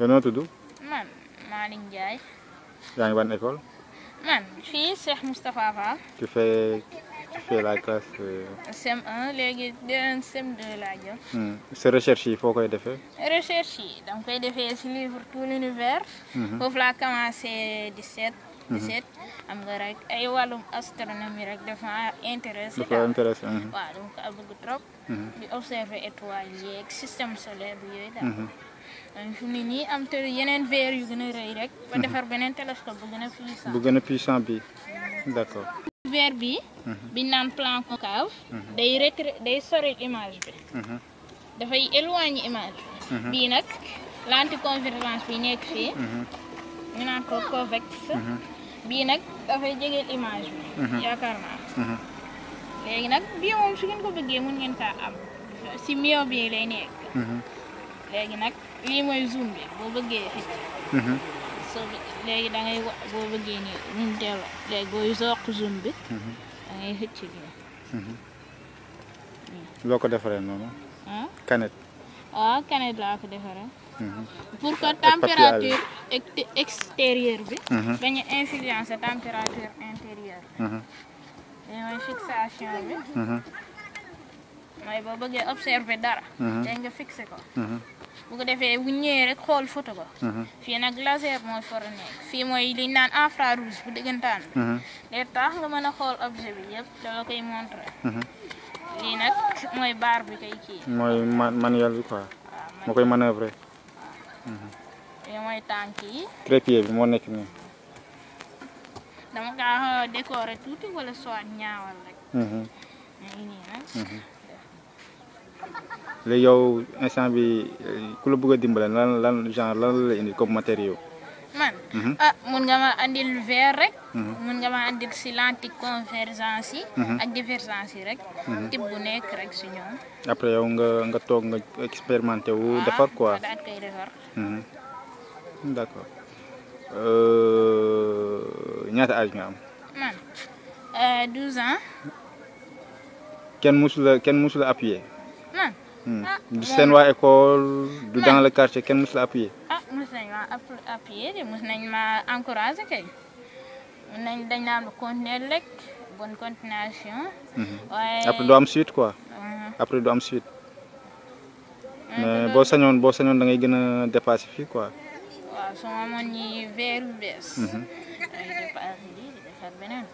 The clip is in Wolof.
yow noo tudd. man Malick Ndiaye. yaa ngi école. man fii Cheikh Moustapha Fall. tu fais la classe. CM1 euh, léegi beneen CM2 laa jëm. Hmm. sa recherche foo koy defee. recherche yi koy defe si livre tout l'univers. Hmm. foofu laa commencé 17. 17 hmm. am nga rek ay wàllum astronomie rek dafa intéressé. dafa intéressé waaw dama ko bëgg trop. di observer étoiles yeeg système solaire bi fi mu ne nii am te yeneen verre gën a rëy rek. ba mhm. defar beneen télescope bu gën a puissant. bu bi d'accord. verre bi. Mhm. bi naan plan concave. Mhm. day retra day soril image bi. dafay éloigner image bi. bii nag l'anticonvergence bi nekk fii. ñu naan ko convexe. bii nag dafay jegeel image bi. yaakaar naa. léegi nag bii moom su ko bëggee mun ngeen am si mio bi lay nekk. léegi nag li mooy zoom bi boo bëggee xëcc mhm. léegi da ngay wa boo bëggee nii ñun teel léegi booy soq zoom bi mhm. da ngay xëcc mhm. nii loo ko defaree noonu kanet waaw ah, kanet laa ko defaree pour que température extérieure bi dañu influencer température intérieure bi mooy fixation bi mooy boo bëggee observer dara. tey nga fixé ko. Mhm. bu ko defee bu ñëwee rek xool photo ko. Mhm. fii nag laser mooy for fii mooy li ñu naan infrarouge bu diggantaan bi. Mhm. day tax nga mën a xool objet bi yëpp da koy nag mooy baar bi koy manuel bi quoi. moo koy manœuvrer. mooy tànk yi. trépied bi moo nekk nii. dama kaa euh, décorer tuuti wala soit ñaawal rek. ñu ngi léegi yow instant bi ku la bëgg a dimbale lan lan genre lan la indi comme matériaux. man mhm. ah mun nga ma andil verre rek. Mhm. mun nga ma andil si lentille convergence yi. Mhm. ak divergence yi rek. type bu nekk rek si ñoom. après yow nga nga toog nga expérimenté ah, defar quoi daal koy defar. Euh, ñaata âge nga am. man euh, kenn mësu la kenn mësu la appuyé. Hmm. Ah, du seen waa école du dans le quartier kenn mës la appuyer. ah mës nañ nañ maa encouragé kay mën nañ dañ continuer rek bonne continuation. Hmm. après du am suite quoi. Hmm. après du am suite. boo sañoon boo sañoon da ngay gën a dépassé fii quoi. waaw su ma amoon ñi verre bees. da ngay dépassé beneen.